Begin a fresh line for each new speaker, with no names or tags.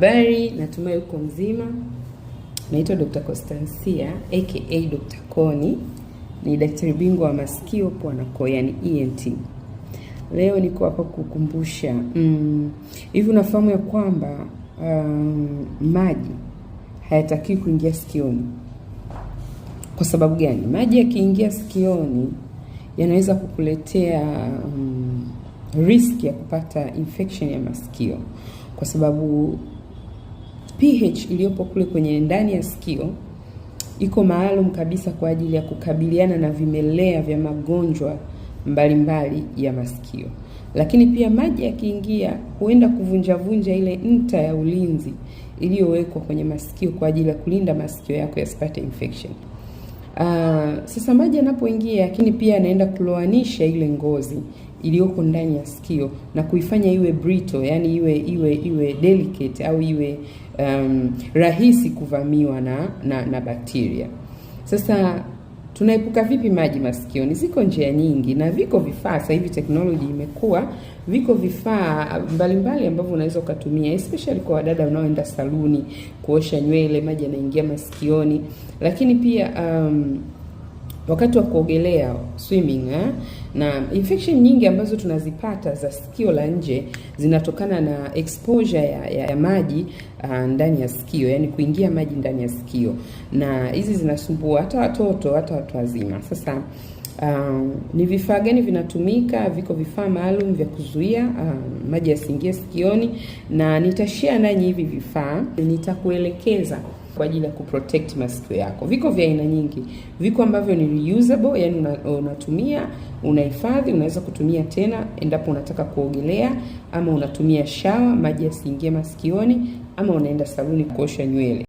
Habari, natumai uko mzima. Naitwa Dr. Constancia aka Dr. Koni, ni daktari bingwa wa masikio, pua na koo, yani ENT. Leo niko hapa kukumbusha mm, hivi, mm, unafahamu ya kwamba um, maji hayatakiwi kuingia sikioni. Kwa sababu gani? Maji yakiingia sikioni yanaweza kukuletea um, mm, riski ya kupata infection ya masikio kwa sababu pH iliyopo kule kwenye ndani ya sikio iko maalum kabisa kwa ajili ya kukabiliana na vimelea vya magonjwa mbalimbali mbali ya masikio. Lakini pia maji yakiingia huenda kuvunjavunja ile nta ya ulinzi iliyowekwa kwenye masikio kwa ajili ya kulinda masikio yako yasipate infection. Uh, sasa maji yanapoingia, lakini pia yanaenda kuloanisha ile ngozi iliyoko ndani ya sikio na kuifanya iwe brittle, yani iwe iwe iwe delicate au iwe um, rahisi kuvamiwa na, na, na bakteria. Sasa tunaepuka vipi maji masikioni? Ziko njia nyingi na viko vifaa sasa hivi, teknoloji imekuwa, viko vifaa mbalimbali ambavyo unaweza ukatumia, especially kwa wadada unaoenda saluni kuosha nywele, maji yanaingia masikioni, lakini pia um, wakati wa kuogelea swimming ha? Eh, na infection nyingi ambazo tunazipata za sikio la nje zinatokana na exposure ya, ya, ya maji uh, ndani ya sikio, yani kuingia maji ndani ya sikio, na hizi zinasumbua hata watoto hata watu wazima. Sasa um, ni vifaa gani vinatumika? Viko vifaa maalum vya kuzuia um, maji yasiingie sikioni, na nitashare nanyi hivi vifaa, nitakuelekeza kwa ajili ya kuprotect masikio yako. Viko vya aina nyingi, viko ambavyo ni reusable, yani unatumia unahifadhi, unaweza kutumia tena endapo unataka kuogelea, ama unatumia shawa maji yasiingie masikioni, ama unaenda saluni kuosha nywele.